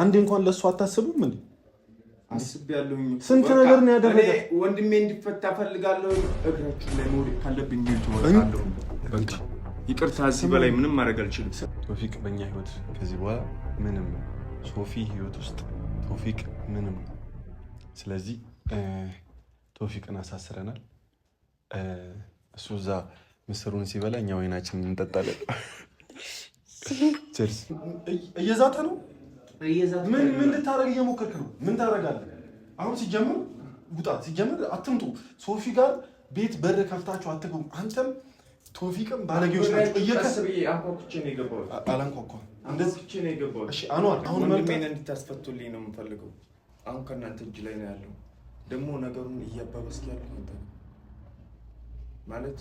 አንድ እንኳን ለእሱ አታስብም እንዴ? አስቤያለሁ። ስንት ነገር ነው ያደረገ። ወንድሜ እንዲፈታ ፈልጋለሁ። እግራችሁ ላይ መውደቅ ካለብኝ ይቅርታ፣ እዚህ በላይ ምንም ማድረግ አልችልም። ቶፊቅ በእኛ ህይወት ከዚህ በኋላ ምንም፣ ሶፊ ህይወት ውስጥ ቶፊቅ ምንም። ስለዚህ ቶፊቅን አሳስረናል። እሱ እዛ ምስሩን ሲበላ እኛ ወይናችን እንጠጣለን። እየዛተ ነው ምን ምን ልታደርግ እየሞከርክ ነው? ምን ታደርጋለህ አሁን? ሲጀምር ውጣ፣ ሲጀምር አትምጡ። ሶፊ ጋር ቤት በር ከፍታችሁ አትገቡ። አንተም ቶፊቅም ባለጌዎች ናቸው። እየከስ አንኳኩቼ ነው የገባሁት። አላንኳኳም። አንኳኩቼ ነው የገባሁት። እሺ አንዋር፣ አሁን ወንድሜን እንድታስፈቱልኝ ነው የምፈልገው። አሁን ከእናንተ እጅ ላይ ነው ያለው። ደግሞ ነገሩን እያባባስክ ያለው አንተ ማለት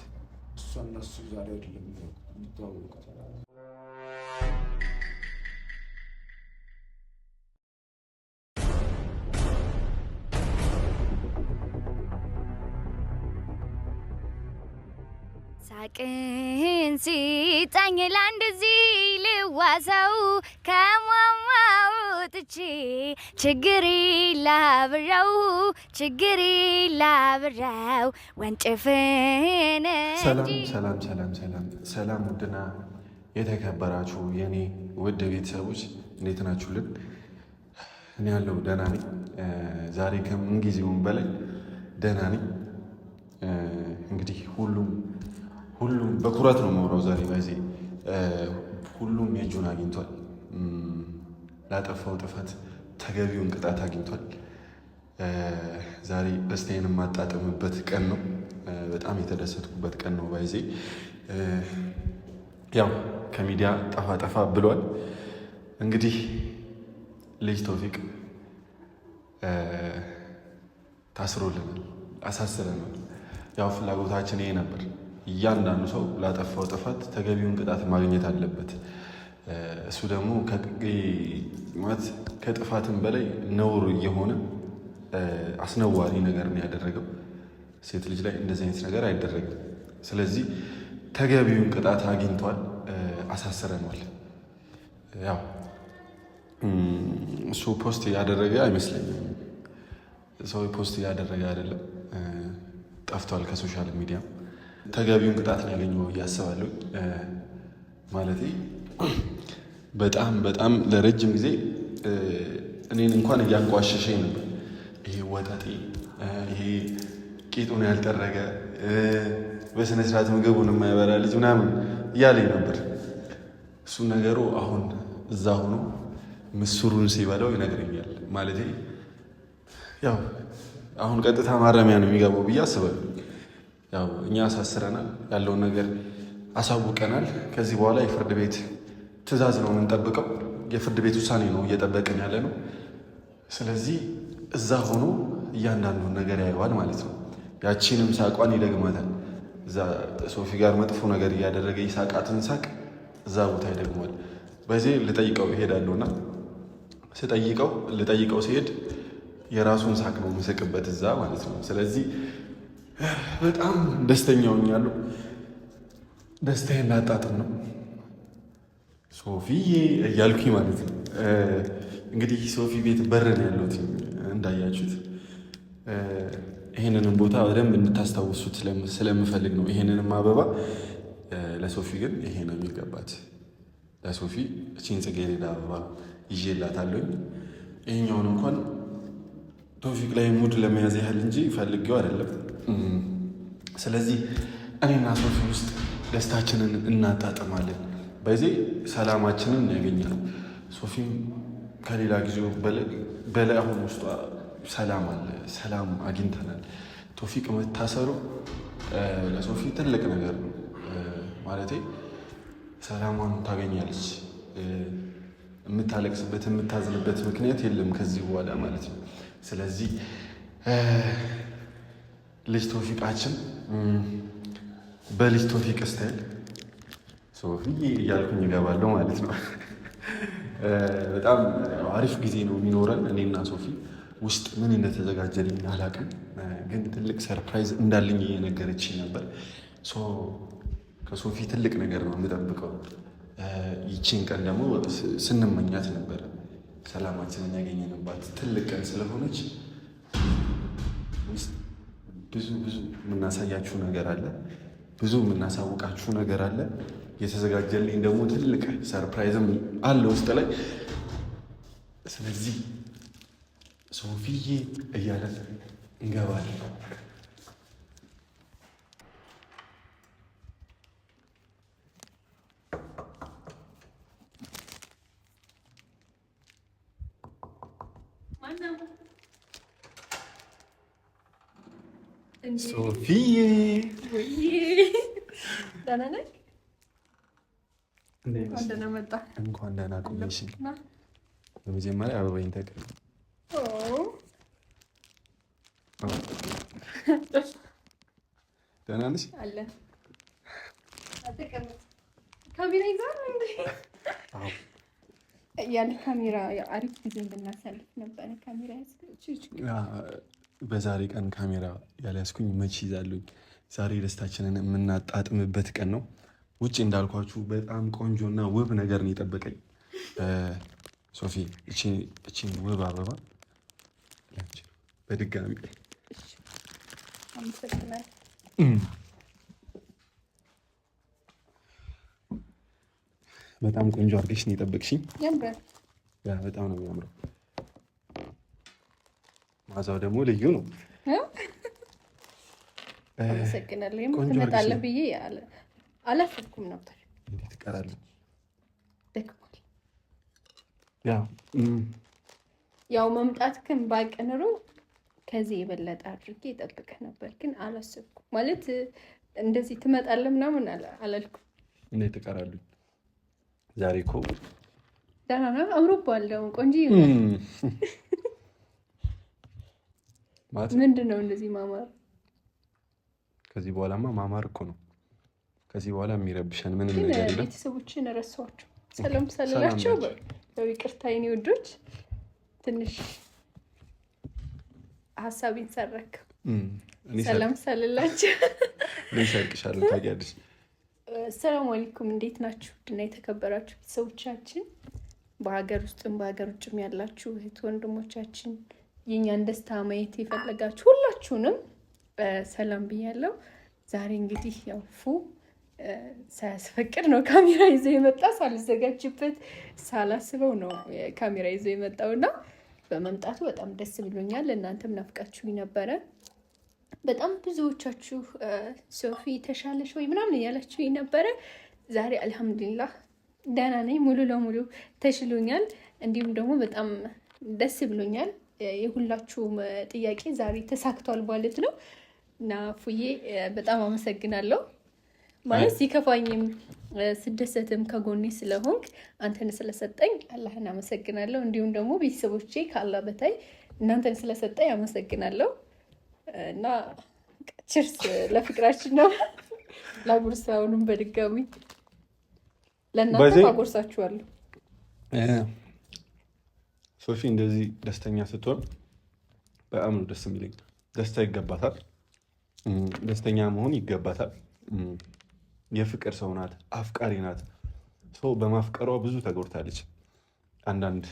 እሷ እነሱ ዛሬ አይደለም የሚታወቁት ሳቅን ሲጣኝ ለአንድ እዚህ ልዋሰው ከሟሟው ጥቼ ችግሪ ላብረው ችግሪ ላብረው ወንጭፍን ሰላም ሰላም ሰላም ሰላም ሰላም። ውድና የተከበራችሁ የኔ ውድ ቤተሰቦች እንዴት ናችሁልን? እኔ ያለው ደህና ነኝ። ዛሬ ከምንጊዜውም በላይ ደህና ነኝ። እንግዲህ ሁሉም ሁሉም በኩራት ነው ማውራው ዛሬ ባይዜ ሁሉም የእጁን አግኝቷል። ላጠፋው ጥፋት ተገቢውን ቅጣት አግኝቷል። ዛሬ ደስታዬን የማጣጥምበት ቀን ነው። በጣም የተደሰትኩበት ቀን ነው። ባይዜ ያው ከሚዲያ ጠፋ ጠፋ ብሏል። እንግዲህ ልጅ ቶፊቅ ታስሮልናል፣ አሳስረናል። ያው ፍላጎታችን ይሄ ነበር። እያንዳንዱ ሰው ላጠፋው ጥፋት ተገቢውን ቅጣት ማግኘት አለበት። እሱ ደግሞ ከጥፋትም በላይ ነውር እየሆነ አስነዋሪ ነገር ነው ያደረገው። ሴት ልጅ ላይ እንደዚህ አይነት ነገር አይደረግም። ስለዚህ ተገቢውን ቅጣት አግኝቷል፣ አሳስረኗል። ያው እሱ ፖስት እያደረገ አይመስለኝም። ሰው ፖስት እያደረገ አይደለም፣ ጠፍቷል ከሶሻል ሚዲያ ተገቢውን ቅጣት ነው ያገኘው ብዬ አስባለሁ። በጣም በጣም ለረጅም ጊዜ እኔን እንኳን እያንቋሸሸኝ ነበር። ይሄ ወጠጤ፣ ይሄ ቂጡን ያልጠረገ በስነስርዓት ምግቡን የማይበላ ልጅ ምናምን እያለኝ ነበር። እሱ ነገሩ አሁን እዛ ሆኖ ምስሩን ሲበላው ይነግረኛል። ማለት ያው አሁን ቀጥታ ማረሚያ ነው የሚገባው ብዬ አስባለሁ። ያው እኛ አሳስረናል፣ ያለውን ነገር አሳውቀናል። ከዚህ በኋላ የፍርድ ቤት ትዕዛዝ ነው የምንጠብቀው። የፍርድ ቤት ውሳኔ ነው እየጠበቅን ያለ ነው። ስለዚህ እዛ ሆኖ እያንዳንዱን ነገር ያየዋል ማለት ነው። ያቺንም ሳቋን ይደግማታል። እዛ ሶፊ ጋር መጥፎ ነገር እያደረገ ይሳቃትን ሳቅ እዛ ቦታ ይደግሟል። በዚህ ልጠይቀው ይሄዳለሁና ስጠይቀው ልጠይቀው ሲሄድ የራሱን ሳቅ ነው የምስቅበት እዛ ማለት ነው። ስለዚህ በጣም ደስተኛ ሆኛለሁ። ደስታዬን ላጣጥም ነው ሶፊዬ እያልኩኝ ማለት ነው። እንግዲህ ሶፊ ቤት በረን ያለሁት እንዳያችሁት፣ ይህንንም ቦታ በደንብ እንድታስታውሱት ስለምፈልግ ነው። ይህንንም አበባ ለሶፊ ግን ይሄ ነው የሚገባት። ለሶፊ እቺን ጽጌረዳ አበባ ይዤላታለሁ። ይሄኛውን እንኳን ቶፊቅ ላይ ሙድ ለመያዝ ያህል እንጂ ፈልጌው አይደለም። ስለዚህ እኔና ሶፊ ውስጥ ደስታችንን እናጣጥማለን። በዚህ ሰላማችንን ያገኛል። ሶፊም ከሌላ ጊዜው በላይ አሁን ውስጧ ሰላም አለ፣ ሰላም አግኝተናል። ቶፊቅ መታሰሩ ለሶፊ ትልቅ ነገር ነው። ማለቴ ሰላሟን ታገኛለች። የምታለቅስበት የምታዝንበት ምክንያት የለም ከዚህ በኋላ ማለት ነው። ስለዚህ ልጅ ቶፊቃችን በልጅ ቶፊቅ ስታይል ሶፊ እያልኩኝ ይገባለሁ ማለት ነው። በጣም አሪፍ ጊዜ ነው የሚኖረን። እኔና ሶፊ ውስጥ ምን እንደተዘጋጀልኝ አላውቅም፣ ግን ትልቅ ሰርፕራይዝ እንዳለኝ እየነገረች ነበር። ከሶፊ ትልቅ ነገር ነው የምጠብቀው። ይቺን ቀን ደግሞ ስንመኛት ነበር ሰላማችንን ያገኘንባት ትልቅ ቀን ስለሆነች ብዙ ብዙ የምናሳያችሁ ነገር አለ፣ ብዙ የምናሳውቃችሁ ነገር አለ። የተዘጋጀልኝ ደግሞ ትልቅ ሰርፕራይዝም አለ ውስጥ ላይ። ስለዚህ ሶፊዬ እያለ እንገባለን። ሶፊዬ ደህና ነህ? እንኳን ደህና ቆየሽ። በመጀመሪያ አበባኝ ተቀበል። ደህና ነሽ? ካሜራ አሪፍ ጊዜ እንድናሳልፍ ነበረ። ካሜራ በዛሬ ቀን ካሜራ ያልያዝኩኝ መቼ ይዛለኝ። ዛሬ ደስታችንን የምናጣጥምበት ቀን ነው። ውጭ እንዳልኳችሁ በጣም ቆንጆና ውብ ነገር ነው የጠበቀኝ። ሶፊ እቺን ውብ አበባ በድጋሚ በጣም ቆንጆ አድርገሽ ነው የጠበቅሽኝ። በጣም ነው የሚያምረው መዓዛው ደግሞ ልዩ ነው። አመሰግናለሁ። ብዬ አላሰብኩም ነበር። እንዴት ትቀራለህ? ደክሟል። ያው ኑሮ ከዚህ የበለጠ አድርጌ እጠብቅህ ነበር፣ ግን አላሰብኩም። ማለት እንደዚህ ትመጣለህ ምናምን አላልኩም። እንዴት ትቀራለህ? ዛሬ እኮ ደህና ነው። አምሮብሃል። ቆንጆ ምንድን ነው እንደዚህ ማማር? ከዚህ በኋላማ ማማር እኮ ነው። ከዚህ በኋላ የሚረብሸን ምንም ነገር የለም። ቤተሰቦችን ረሳኋቸው። ሰላም ሳልላቸው ይቅርታ የኔ ወዶች፣ ትንሽ ሀሳቤን ሰረክ። ሰላም ሳልላቸው ሰርቅሻለሁ። ታውቂያለሽ። አሰላሙ አለይኩም እንዴት ናችሁ? ድና የተከበራችሁ ቤተሰቦቻችን፣ በሀገር ውስጥም በሀገር ውጭም ያላችሁ እህት ወንድሞቻችን የእኛን ደስታ ማየት የፈለጋችሁ ሁላችሁንም ሰላም ብያለው። ዛሬ እንግዲህ ያው ፉ ሳያስፈቅድ ነው ካሜራ ይዞ የመጣ ሳልዘጋጅበት ሳላስበው ነው ካሜራ ይዞ እና በመምጣቱ በጣም ደስ ብሎኛል። እናንተም ናፍቃችሁኝ ነበረ። በጣም ብዙዎቻችሁ ሶፊ ተሻለሽ ወይ ምናምን ያላችሁ ነበረ። ዛሬ አልሐምዱሊላህ ደህና ነኝ፣ ሙሉ ለሙሉ ተሽሎኛል። እንዲሁም ደግሞ በጣም ደስ ብሎኛል። የሁላችሁም ጥያቄ ዛሬ ተሳክቷል ማለት ነው። እና ፉዬ በጣም አመሰግናለሁ። ማለት ሲከፋኝም ስደሰትም ከጎኔ ስለሆንክ አንተን ስለሰጠኝ አላህን አመሰግናለሁ። እንዲሁም ደግሞ ቤተሰቦቼ ከአላህ በታይ እናንተን ስለሰጠኝ አመሰግናለሁ። እና ችርስ ለፍቅራችን ነው። ላጉርስ አሁንም በድጋሚ ለእናንተ አጎርሳችኋለሁ። ሶፊ እንደዚህ ደስተኛ ስትሆን በጣም ነው ደስ የሚለኝ። ደስታ ይገባታል፣ ደስተኛ መሆን ይገባታል። የፍቅር ሰው ናት፣ አፍቃሪ ናት። ሰው በማፍቀሯ ብዙ ተጎድታለች። አንዳንድ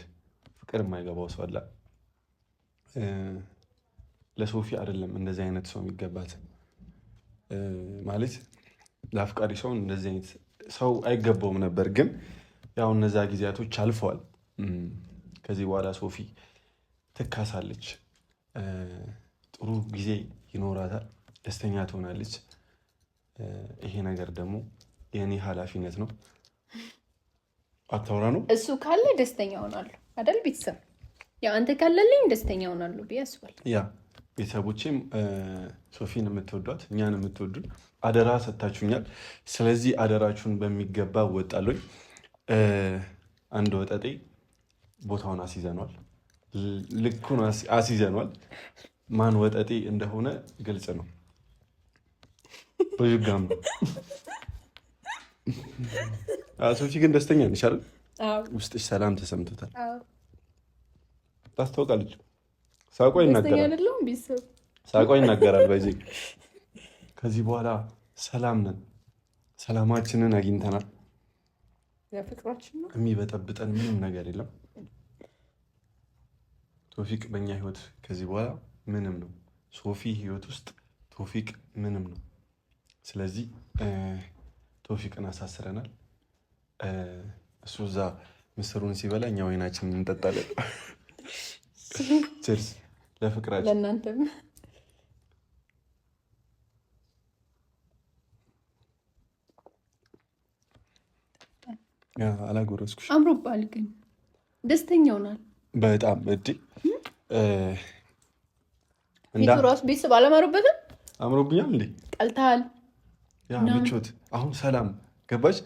ፍቅር የማይገባው ሰው አለ። ለሶፊ አይደለም እንደዚህ አይነት ሰው የሚገባት ማለት ለአፍቃሪ ሰው እንደዚህ አይነት ሰው አይገባውም ነበር። ግን ያው እነዛ ጊዜያቶች አልፈዋል። ከዚህ በኋላ ሶፊ ትካሳለች፣ ጥሩ ጊዜ ይኖራታል፣ ደስተኛ ትሆናለች። ይሄ ነገር ደግሞ የእኔ ኃላፊነት ነው። አታውራ ነው እሱ ካለ ደስተኛ ሆናሉ አደል ቤተሰብ አንተ ካለልኝ ደስተኛ ሆናሉ ብዬ ያ ቤተሰቦቼም ሶፊን የምትወዷት እኛን የምትወዱን አደራ ሰጥታችሁኛል። ስለዚህ አደራችሁን በሚገባ ወጣለኝ አንድ ወጠጤ ቦታውን አስይዘኗል። ልኩን አስይዘኗል። ማን ወጠጤ እንደሆነ ግልጽ ነው። በዥጋም ሶፊ ግን ደስተኛ ነሽ አይደል? ውስጥሽ ሰላም ተሰምቶታል። ታስታውቃለች። ሳቋ ይናገራል፣ ሳቋ ይናገራል። በዚህ ከዚህ በኋላ ሰላም ነን፣ ሰላማችንን አግኝተናል። የሚበጠብጠን ምንም ነገር የለም። ቶፊቅ በእኛ ህይወት ከዚህ በኋላ ምንም ነው። ሶፊ ህይወት ውስጥ ቶፊቅ ምንም ነው። ስለዚህ ቶፊቅን አሳስረናል። እሱ እዛ ምስሩን ሲበላ እኛ ወይናችን እንጠጣለን። ችርስ ለፍቅራችን ለእናንተም አላጎረስኩሽ። አምሮባል ግን ደስተኛ ሆናል። በጣም እድ ራሱ ቤተሰብ አላማሩበትም። አምሮብኛል እንዴ? ቀልተሃል። ምቾት አሁን ሰላም ገባች።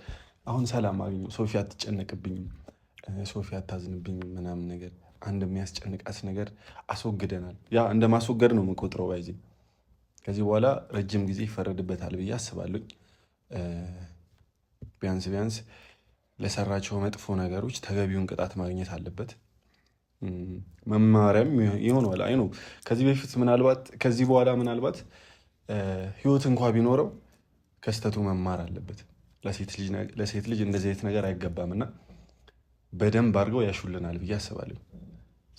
አሁን ሰላም አገኘሁ። ሶፊ አትጨነቅብኝም፣ ሶፊ አታዝንብኝም ምናምን ነገር አንድ የሚያስጨንቃት ነገር አስወግደናል። ያ እንደ ማስወገድ ነው የምቆጥረው። ባይዜ ከዚህ በኋላ ረጅም ጊዜ ይፈረድበታል ብዬ አስባለሁ። ቢያንስ ቢያንስ ለሰራቸው መጥፎ ነገሮች ተገቢውን ቅጣት ማግኘት አለበት። መማሪያም ይሆነዋል። አይ ከዚህ በፊት ምናልባት ከዚህ በኋላ ምናልባት ህይወት እንኳ ቢኖረው ከስተቱ መማር አለበት። ለሴት ልጅ እንደዚህ አይነት ነገር አይገባም እና በደንብ አድርገው ያሹልናል ብዬ አስባለሁ።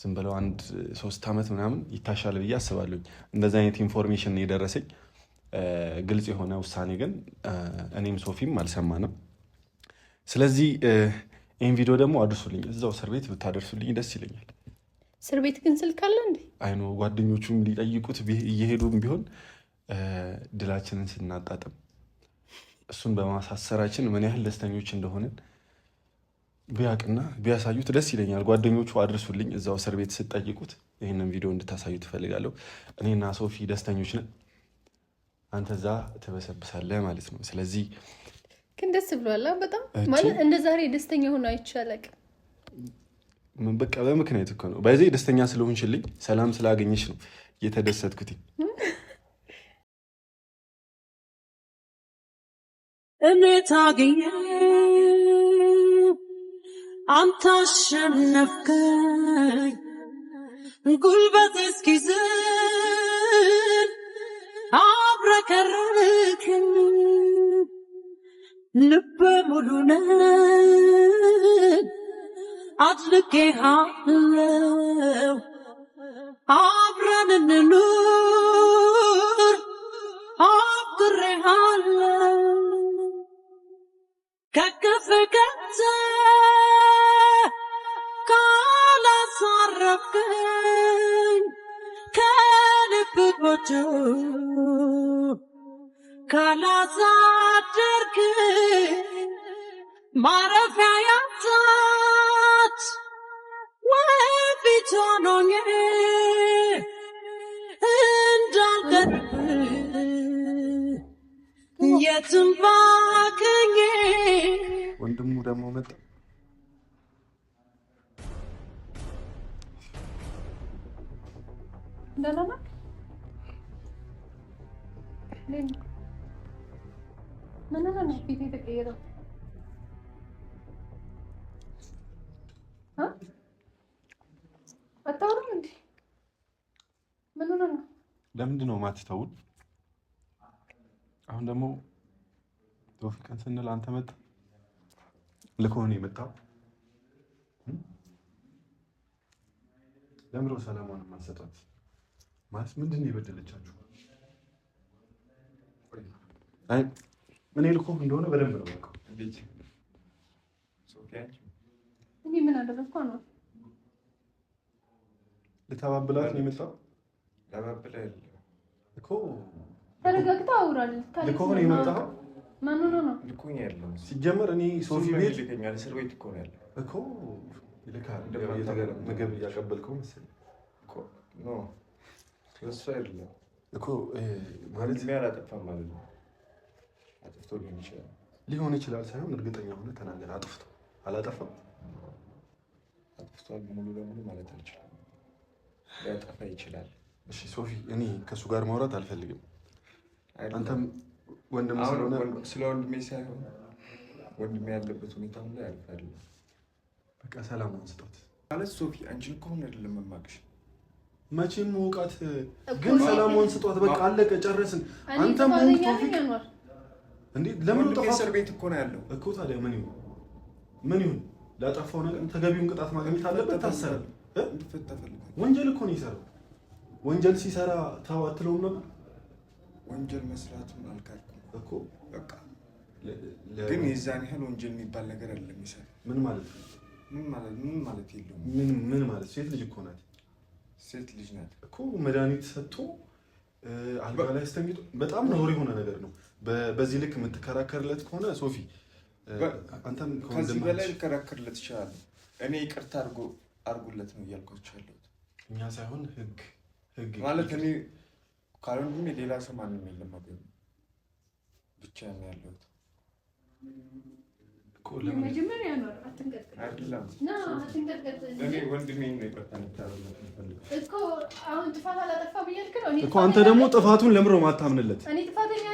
ዝም ብለው አንድ ሶስት ዓመት ምናምን ይታሻል ብዬ አስባለሁ። እንደዚህ አይነት ኢንፎርሜሽን የደረሰኝ ግልጽ የሆነ ውሳኔ ግን እኔም ሶፊም አልሰማንም። ስለዚህ ይህን ቪዲዮ ደግሞ አድርሱልኝ፣ እዛው እስር ቤት ብታደርሱልኝ ደስ ይለኛል። እስር ቤት ግን ስልክ አለ እንዴ? አይኖ ጓደኞቹም ሊጠይቁት እየሄዱም ቢሆን ድላችንን ስናጣጥም እሱን በማሳሰራችን ምን ያህል ደስተኞች እንደሆንን ቢያቅና ቢያሳዩት ደስ ይለኛል። ጓደኞቹ አድርሱልኝ፣ እዛው እስር ቤት ስጠይቁት ይህንን ቪዲዮ እንድታሳዩ ትፈልጋለሁ። እኔና ሶፊ ደስተኞች ነን። አንተ እዛ ትበሰብሳለህ ማለት ነው። ስለዚህ ግን ደስ ብሏላ። በጣም ማለት እንደ ዛሬ ደስተኛ ሆኖ አይቻለቅ። በቃ በምክንያት እኮ ነው። በዚህ ደስተኛ ስለሆንሽልኝ ሰላም ስላገኘሽ ነው እየተደሰትኩት። እኔት አገኘ አንተ አሸነፍከኝ ጉልበት እስኪዝን አብረከርክኝ ልበ ሙሉነ አድንቄሃለው አብረን እንኑር አብሬሃለው ከከፈከተ ካላሳረፍከኝ ከልብ ጎጆ ካላሳ አደርክ ማረፊያ ያጣች ወፊት ሆኖኝ እንዳልቀር የትም ባክኜ ወንድሙ ደግሞ መጣ። ደህና ነህ? ምን ሆነ ነው ፊት የተቀየረው? አታውሩም እንዴ? ምን ሆነ ነው? ለምንድን ነው የማትተውን? አሁን ደግሞ ተወፍቀን ስንል አንተ መጣ ልኮን የመጣው ለምሮ ሰላማን ማሰጣት ማለት ምንድን ነው የበደለቻችሁ? አይ ምን ልኮ እንደሆነ በደንብ ነው የማውቀው። እኔ ምን አደረግኩ ነው? ልታባብላት ነው የመጣው እኮ ተረጋግተህ አውራል። ልኮ ነው የመጣው። ማን ነው ነው ልኮኝ ያለው? ሲጀመር እኔ ሶፊ ቤት ልከኛል። እስር ቤት እኮ ነው ያለው እኮ ይልካል። ምግብ እያቀበልከው መሰለኝ እኮ ነው አይደለም እኮ ማለት ማለት ነው አጥፍቶ ሊሆን ይችላል ሊሆን ይችላል ሳይሆን እርግጠኛ ሆነ ተናገር። አጥፍቶ አላጠፋም አጥፍቷል ሙሉ ለሙሉ ማለት አልችልም። ሊያጠፋ ይችላል። እሺ ሶፊ፣ እኔ ከእሱ ጋር ማውራት አልፈልግም። አንተም ወንድም ስለሆነ ስለ ወንድሜ ሳይሆን ወንድሜ ያለበት ሁኔታ ላይ ያልፋል። በቃ ሰላም አንስጣት ማለት ሶፊ፣ አንቺን ከሆነ አይደለም መማቅሽ መቼም መውቃት ግን ሰላም አንስጧት። በቃ አለቀ፣ ጨረስን። አንተም ቶፊቅ እንዴ ለምን ጠፋ? እስር ቤት እኮ ነው ያለው እኮ። ታዲያ ምን ይሁን ምን ይሁን? ላጠፋው ነገር ተገቢውን ቅጣት ማግኘት አለበት። ታሰረ። ወንጀል እኮ ነው የሰራው። ወንጀል ሲሰራ ተው አትለውም ነበር? ወንጀል መስራት ምን አልካልኩም እኮ በቃ። ግን የዛን ያህል ወንጀል የሚባል ነገር አይደለም ይሰራ ምን ማለት ነው? ምን ማለት ምን ማለት የለውም። ምን ምን ማለት ሴት ልጅ እኮ ናት። ሴት ልጅ ናት እኮ መድኃኒት ሰጥቶ አልጋ ላይ አስተኝቶ በጣም ነውር የሆነ ነገር ነው። በዚህ ልክ የምትከራከርለት ከሆነ ሶፊ አንተም ከዚህ በላይ ልከራከርለት ይችላል። እኔ ይቅርታ አድርጉለት ነው እያልኳቸው ያለሁት እኛ ሳይሆን ህግ ህግ ማለት እኔ ካልሆን ካልሆንኩም ሌላ ሰው ማንም የለም ብቻ ነው ያለሁት። እኮ አንተ ደግሞ ጥፋቱን ለምሮ ማታምንለት እኔ ጥፋተኛ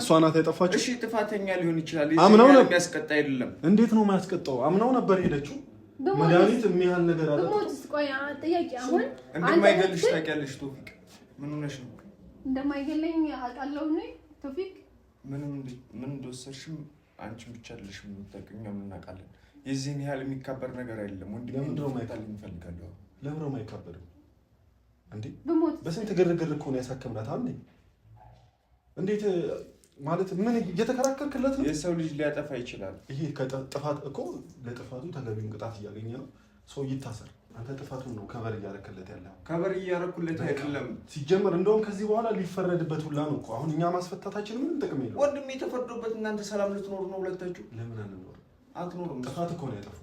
እሷ ናት ያጠፋችው። እሺ ጥፋተኛ ሊሆን ይችላል። አምናው ነው የሚያስቀጣ አይደለም። እንዴት ነው የሚያስቀጣው? አምናው ነበር ሄደችው። መድኃኒት የሚያህል ነገር አለ። አሁን እንደማይገልሽ ታውቂያለሽ ቶፊቅ። ምን ሆነሽ ነው? እንደማይገለኝ አውቃለሁ እኔ ቶፊቅ። ምንም ምን እንደወሰድሽም አንቺ ብቻ አይደለሽም የምታውቂው፣ እኛም እናውቃለን። የዚህን ያህል የሚካበር ነገር አይደለም። ወንድሜ ለምን ነው ማይታል እንፈልጋለሁ። ለምን ነው ማይካበር እንዴ? በስንት ግርግር እኮ ነው ያሳከምናት። አሁን እንዴት ማለት ምን እየተከራከርክለት ነው? የሰው ልጅ ሊያጠፋ ይችላል። ይሄ ከጥፋት እኮ ለጥፋቱ ተገቢውን ቅጣት እያገኘ ነው። ሰው ይታሰር። አንተ ጥፋቱን ነው ከበር እያረክለት ያለ ከበር እያረኩለት አይደለም። ሲጀመር እንደውም ከዚህ በኋላ ሊፈረድበት ሁላ ነው እኮ። አሁን እኛ ማስፈታታችን ምንም ጥቅም የለውም። ወንድም የተፈርዶበት እናንተ ሰላም ልትኖሩ ነው ሁለታችሁ። ለምን አንኖር? አትኖሩም። ጥፋት እኮ ነው ያጠፉ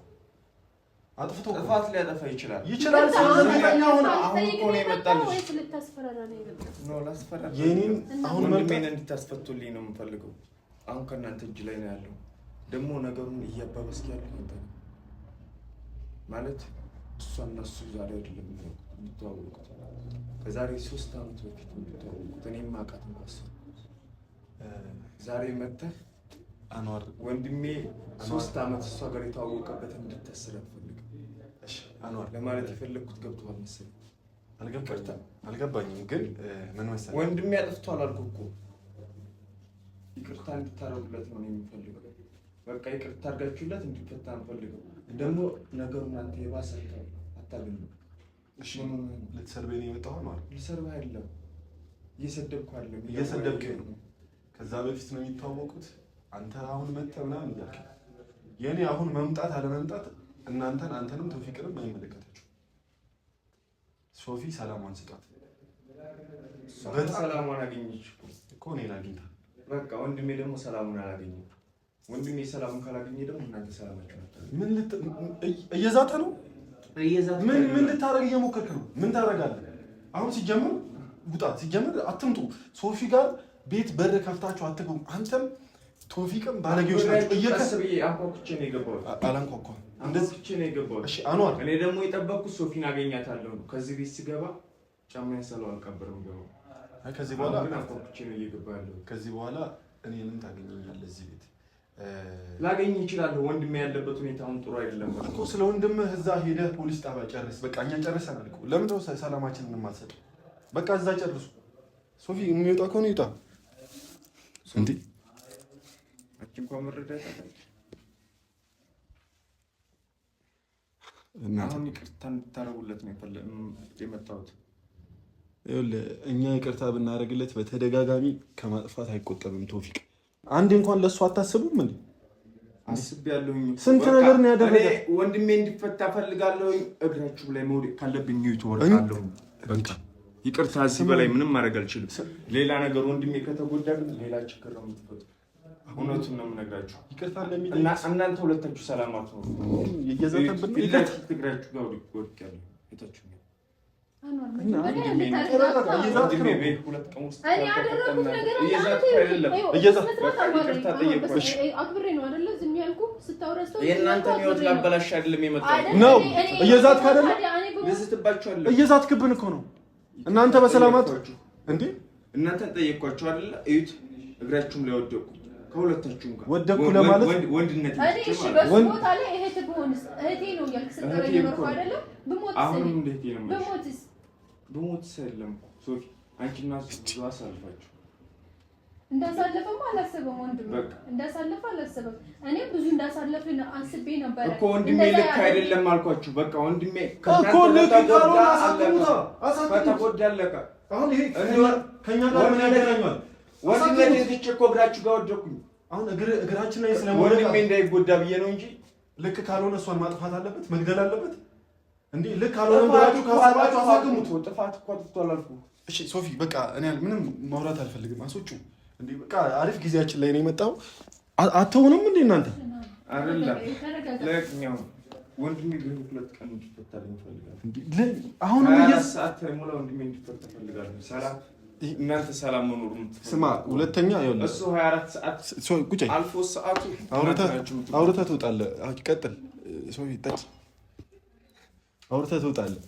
አጥፍቶ ጥፋት ሊያጠፋ ይችላል ይችላል። ስለዚህ ሆነ አሁን እኮ ነው የመጣልሽ። የኔን አሁን ወንድሜን እንድታስፈቱልኝ ነው የምፈልገው። አሁን ከእናንተ እጅ ላይ ነው ያለው። ደግሞ ነገሩን እያባበስክ ያለ አንተ ማለት እሷ እና ዛሬ አይደለም የሚተዋወቁት፣ ከዛሬ ሶስት አመት በፊት የሚተዋወቁት እኔም ማውቃት ማስ ዛሬ መተህ አንዋር ወንድሜ ሶስት አመት እሷ ጋር የተዋወቀበት እንድታስረፍ ነች አኗር ለማለት የፈለግኩት ገብቶሃል መሰለኝ። አልገባኝም አልገባኝም፣ ግን ምን መሰለኝ ወንድሜ አጥፍቷል አልኩህ እኮ ይቅርታ እንድታረጉለት ነው የሚፈልገው። በቃ ይቅርታ አድርጋችሁለት እንዲፈታ እንፈልገው። ደግሞ ነገሩን አንተ የባሰ አታገኙ። እሺ ልትሰርበኝ ነው የመጣሁ ማለት ልሰርበህ አይደለም፣ እየሰደብኩህ አይደለም፣ እየሰደብከኝ ነው። ከዛ በፊት ነው የሚተዋወቁት። አንተ አሁን መጥተህ ምናምን እያልክ የእኔ አሁን መምጣት አለመምጣት እናንተን አንተንም ተውፊቅንም አይመለከታችሁ። ሶፊ ሰላሟን ስጧት። ሰላሟን አገኘች እኮ እኔን አግኝታ፣ በቃ ወንድሜ ደግሞ ሰላሙን አላገኘም። ወንድሜ ሰላሙን ካላገኘ ደግሞ እናንተ ሰላማችሁ እየዛተ ነው። ምን ምን ልታረግ እየሞከርክ ነው? ምን ታረጋለህ አሁን? ሲጀምር ውጣ፣ ሲጀምር አትምጡ። ሶፊ ጋር ቤት በር ከፍታችሁ አትግቡ። አንተም ቶፊቅም ባለጌዎች ናቸው። እየቀስ ብዬ አንኳኩቼ ነው የገባሁት። አላንኳኳም፣ አንኳኩቼ ነው የገባሁት። እሺ አኗር፣ እኔ ደግሞ የጠበቅኩት ሶፊን አገኛታለሁ። ከዚህ ቤት ስገባ ጫማዬን ሳለው አልቀበረም ከዚህ በኋላ አንኳኩቼ ነው እየገባሁ ያለው። ከዚህ በኋላ እኔንም ታገኘኛለህ እዚህ ቤት ላገኝ ይችላል ወንድሜ ያለበት ሁኔታ አሁን ጥሩ አይደለም እኮ። ስለ ወንድምህ እዛ ሄደህ ፖሊስ ጣቢያ ጨርስ። በቃ እኛ ጨርሰናል እኮ። ለምን በቃ እዛ ጨርሱ። ሶፊ የሚወጣ ከሆነ ይውጣ እንዴ አንቺ እንኳን መረዳት አሁን ይቅርታ እንድታረጉለት ነው የመጣሁት። እኛ ይቅርታ ብናደርግለት በተደጋጋሚ ከማጥፋት አይቆጠብም። ቶፊቅ አንድ እንኳን ለእሱ አታስቡም እንዴ? አስቤያለሁኝ። ስንት ነገር ነው ያደረገ። ወንድሜ እንዲፈታ ፈልጋለሁኝ። እግራችሁ ላይ መውደቅ ካለብኝ ይቱ ወርቃለሁ። በቃ ይቅርታ፣ እዚህ በላይ ምንም ማድረግ አልችልም። ሌላ ነገር ወንድሜ ከተጎዳ ግን ሌላ ችግር ነው የምትፈጥሩ እውነቱን ነው የምነግራችሁ። ይቅርታ እና እናንተ ሁለታችሁ ሰላማት ነው የገዛተብን እየዛትክብን እኮ ነው። እናንተ በሰላማት እንዴ እናንተ ጠየኳቸው አይደለ? እዩት እግራችሁም ላይ ወደቁ። ከሁለታችሁም ጋር ወደኩ ለማለት ወንድነት ነው። እንዳሳለፈም አላሰበም ወንድም እንዳሳለፈ አላሰበም። እኔ ብዙ እንዳሳለፈ አስቤ ነበር እኮ ወንድሜ። ልክ አይደለም አልኳችሁ። በቃ ወንድሜ እኮ ልክ ካልሆነ ከተጎዳ አለቀ። አሁን ይሄ ከኛ ጋር ምን ያገናኛል? ወንድሜ ትቼ እኮ እግራችሁ ጋር ወደኩኝ። አሁን እግር እግራችን ላይ ስለማወራ ወንድሜ እንዳይጎዳ ብዬ ነው እንጂ ልክ ካልሆነ እሷን ማጥፋት አለበት መግደል አለበት እንዴ? ልክ ካልሆነ ብራችሁ ካሰባችሁ አሳክሙት። ጥፋት እኮ አጥፍቷል አልኩህ። እሺ ሶፊ፣ በቃ እኔ ምንም ማውራት አልፈልግም። አሶቹ እንዴ፣ በቃ አሪፍ ጊዜያችን ላይ ነው የመጣው። አትሆንም እንዴ እናንተ አይደለም ለቅኛው ወንድሜ በሁለት ቀን እንዲፈታ እፈልጋለሁ። አሁንም እያስ ወንድሜ እንዲፈታ እፈልጋለሁ። ሰላም እናንተ ሰላም መኖሩ ስማ፣ ሁለተኛ አልፎ ሰዓቱ አውርተህ ትውጣለህ። ቀጥል፣ አውርተህ ትውጣለህ።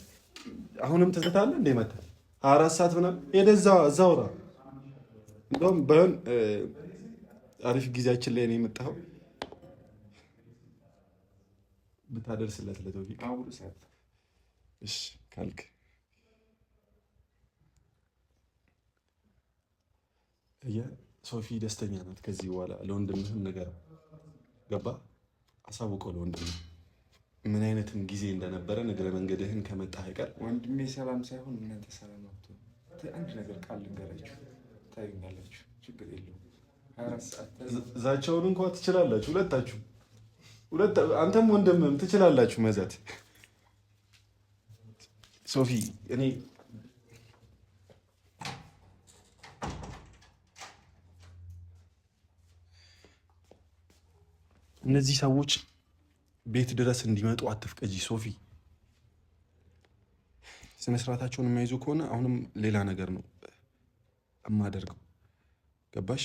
አሁንም ትዝታለህ እንደ መጣ ሀያ አራት ሰዓት ምናምን ሄደህ እዛ አውራ። እንደውም ባይሆን አሪፍ ጊዜያችን ላይ ነው የመጣኸው። ብታደርስለት ለተውፊቅ ካልክ ሶፊ ደስተኛ ናት። ከዚህ በኋላ ለወንድምህም ነገር ገባ አሳውቀው። ለወንድምህ ምን አይነትም ጊዜ እንደነበረ ነገረ መንገድህን ከመጣህ አይቀር ወንድሜ ሰላም ሳይሆን እናንተ ሰላም አቶ አንድ ነገር ቃል ልንገራችሁ፣ ታዩኛላችሁ፣ ችግር የለውም። ዛቻውን እንኳ ትችላላችሁ፣ ሁለታችሁ አንተም ወንድምህም ትችላላችሁ መዛት ሶፊ እኔ እነዚህ ሰዎች ቤት ድረስ እንዲመጡ አትፍቀጂ ሶፊ። ስነስርዓታቸውን የማይዙ ከሆነ አሁንም ሌላ ነገር ነው የማደርገው። ገባሽ?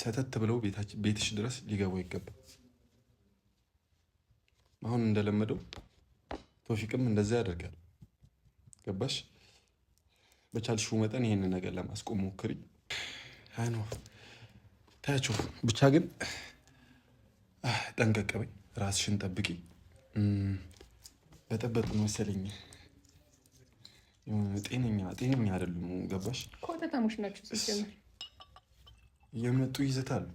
ሰተት ብለው ቤትሽ ድረስ ሊገቡ ይገባል። አሁን እንደለመደው ቶፊቅም እንደዚያ ያደርጋል። ገባሽ? በቻልሽው መጠን ይህንን ነገር ለማስቆም ሞክሪ። አይ ነው ታያቸው ብቻ ግን ጠንቀቅ በይ፣ ራስሽን ጠብቂ። በጠበቅ መሰለኝ ጤነኛ ጤነኛ አይደሉም። ገባሽ? ኮተታሞች ናቸው። ሲጀምር የመጡ ይዘት አሉ